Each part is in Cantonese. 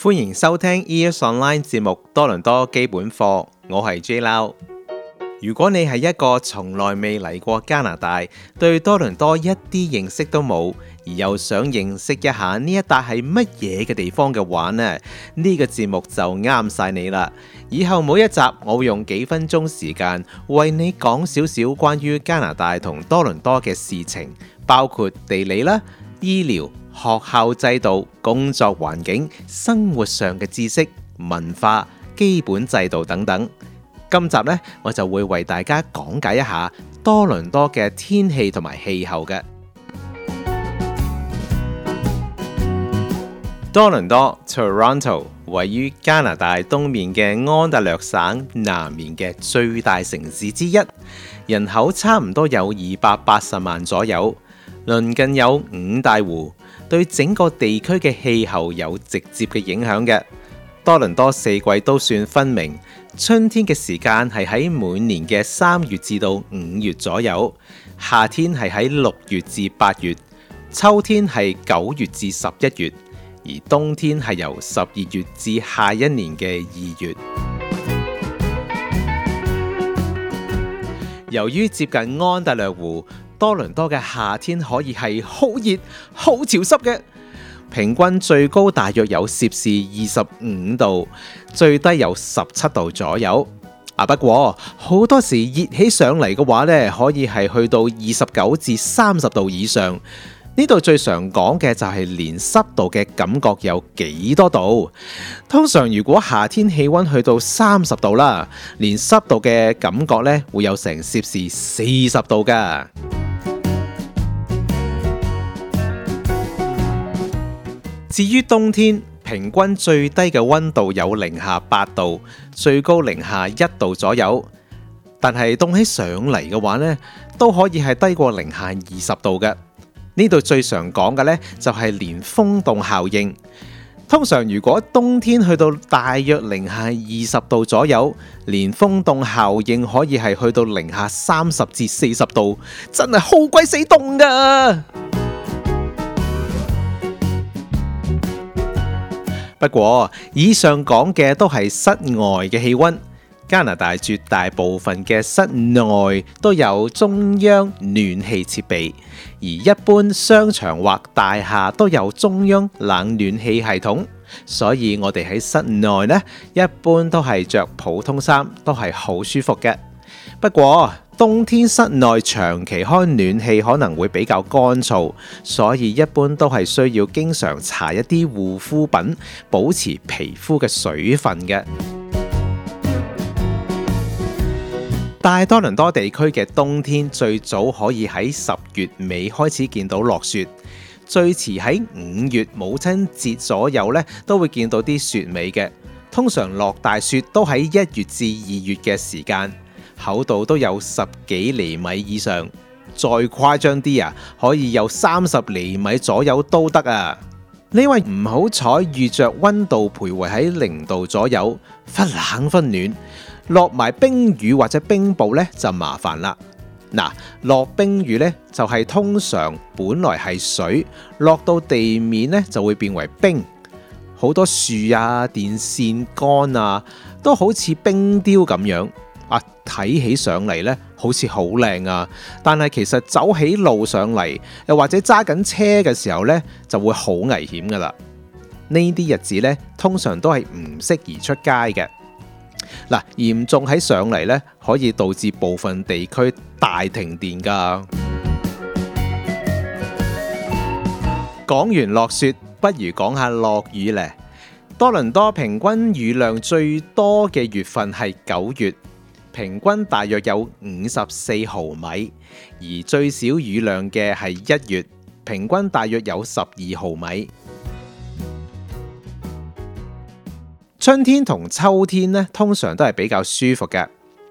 歡迎收聽 Ears Online 節目多倫多基本課，我係 J Lau。如果你係一個從來未嚟過加拿大，對多倫多一啲認識都冇，而又想認識一下呢一笪係乜嘢嘅地方嘅話呢，呢、呢個節目就啱晒你啦！以後每一集我會用幾分鐘時間為你講少少關於加拿大同多倫多嘅事情，包括地理啦、醫療。學校制度、工作環境、生活上嘅知識、文化、基本制度等等。今集呢，我就會為大家講解一下多倫多嘅天氣同埋氣候嘅。多倫多 （Toronto） 位於加拿大東面嘅安大略省南面嘅最大城市之一，人口差唔多有二百八十萬左右，鄰近有五大湖。對整個地區嘅氣候有直接嘅影響嘅。多倫多四季都算分明，春天嘅時間係喺每年嘅三月至到五月左右，夏天係喺六月至八月，秋天係九月至十一月，而冬天係由十二月至下一年嘅二月。由於接近安大略湖。多倫多嘅夏天可以係好熱、好潮濕嘅，平均最高大約有攝氏二十五度，最低有十七度左右。啊，不過好多時熱起上嚟嘅話呢，可以係去到二十九至三十度以上。呢度最常講嘅就係連濕度嘅感覺有幾多度。通常如果夏天氣溫去到三十度啦，連濕度嘅感覺呢會有成攝氏四十度㗎。至於冬天，平均最低嘅溫度有零下八度，最高零下一度左右。但係凍起上嚟嘅話呢，都可以係低過零下二十度嘅。呢度最常講嘅呢，就係連風凍效應。通常如果冬天去到大約零下二十度左右，連風凍效應可以係去到零下三十至四十度，真係好鬼死凍噶。不過，以上講嘅都係室外嘅氣溫。加拿大絕大部分嘅室內都有中央暖氣設備，而一般商場或大廈都有中央冷暖氣系統，所以我哋喺室內呢，一般都係着普通衫，都係好舒服嘅。不過，冬天室內長期開暖氣可能會比較乾燥，所以一般都係需要經常搽一啲護膚品，保持皮膚嘅水分嘅。大多倫多地區嘅冬天，最早可以喺十月尾開始見到落雪，最遲喺五月母親節左右呢都會見到啲雪尾嘅。通常落大雪都喺一月至二月嘅時間。厚度都有十幾厘米以上，再誇張啲啊，可以有三十厘米左右都得啊。呢位唔好彩遇着溫度徘徊喺零度左右，忽冷忽暖，落埋冰雨或者冰暴呢就麻煩啦。嗱，落冰雨呢，就係通常本來係水落到地面呢就會變為冰，好多樹啊、電線杆啊都好似冰雕咁樣。啊，睇起上嚟呢好似好靚啊，但係其實走起路上嚟，又或者揸緊車嘅時候呢，就會好危險噶啦。呢啲日子呢，通常都係唔適宜出街嘅。嗱、啊，嚴重喺上嚟呢，可以導致部分地區大停電噶。講完落雪，不如講下落雨呢。多倫多平均雨量最多嘅月份係九月。平均大約有五十四毫米，而最少雨量嘅係一月，平均大約有十二毫米。 春天同秋天呢，通常都係比較舒服嘅，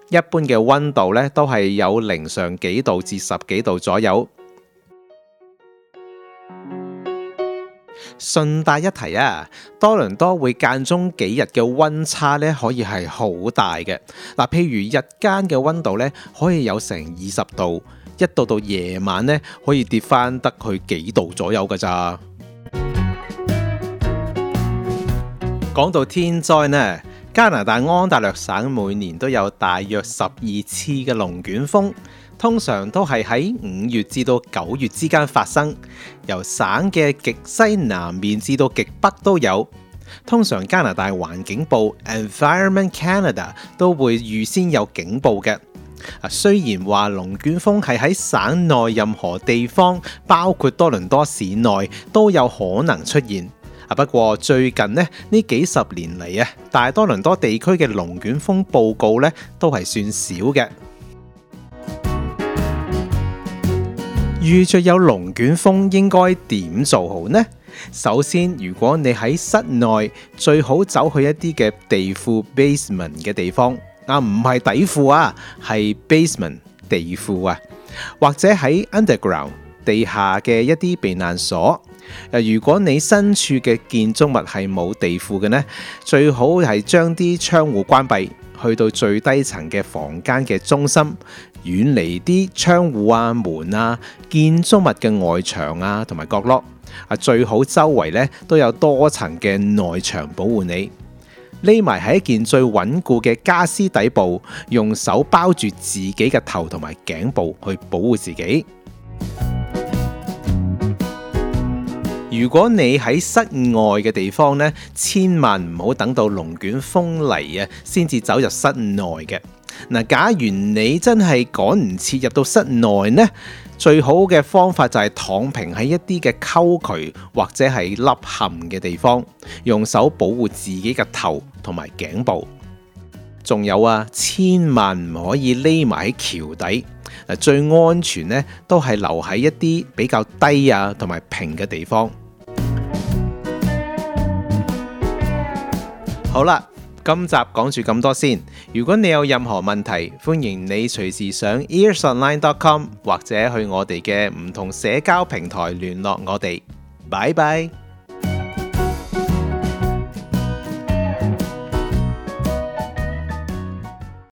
一般嘅温度呢都係有零上幾度至十幾度左右。順帶一提啊，多倫多會間中幾日嘅溫差咧，可以係好大嘅。嗱，譬如日間嘅溫度咧，可以有成二十度，一度到到夜晚咧，可以跌翻得去幾度左右㗎咋。講到天災呢，加拿大安大略省每年都有大約十二次嘅龍捲風。通常都係喺五月至到九月之間發生，由省嘅極西南面至到極北都有。通常加拿大環境部 Environment Canada 都會預先有警報嘅。雖然話龍捲風係喺省內任何地方，包括多倫多市內都有可能出現。啊，不過最近呢幾十年嚟啊，大多倫多地區嘅龍捲風報告咧都係算少嘅。遇着有龍捲風應該點做好呢？首先，如果你喺室內，最好走去一啲嘅地庫 （basement） 嘅地方。啊，唔係底庫啊，係 basement 地庫啊，或者喺 underground 地下嘅一啲避難所。啊，如果你身處嘅建築物係冇地庫嘅呢，最好係將啲窗戶關閉。去到最低層嘅房間嘅中心，遠離啲窗戶啊、門啊、建築物嘅外牆啊、同埋角落啊，最好周圍呢都有多層嘅內牆保護你。匿埋喺一件最穩固嘅家私底部，用手包住自己嘅頭同埋頸部去保護自己。如果你喺室外嘅地方呢，千萬唔好等到龍捲風嚟啊，先至走入室內嘅。嗱，假如你真係趕唔切入到室內呢，最好嘅方法就係躺平喺一啲嘅溝渠或者係凹陷嘅地方，用手保護自己嘅頭同埋頸部。仲有啊，千萬唔可以匿埋喺橋底。嗱，最安全呢都係留喺一啲比較低啊同埋平嘅地方。好啦，今集講住咁多先。如果你有任何問題，歡迎你隨時上 EarsOnline.com，或者去我哋嘅唔同社交平台聯絡我哋。拜拜。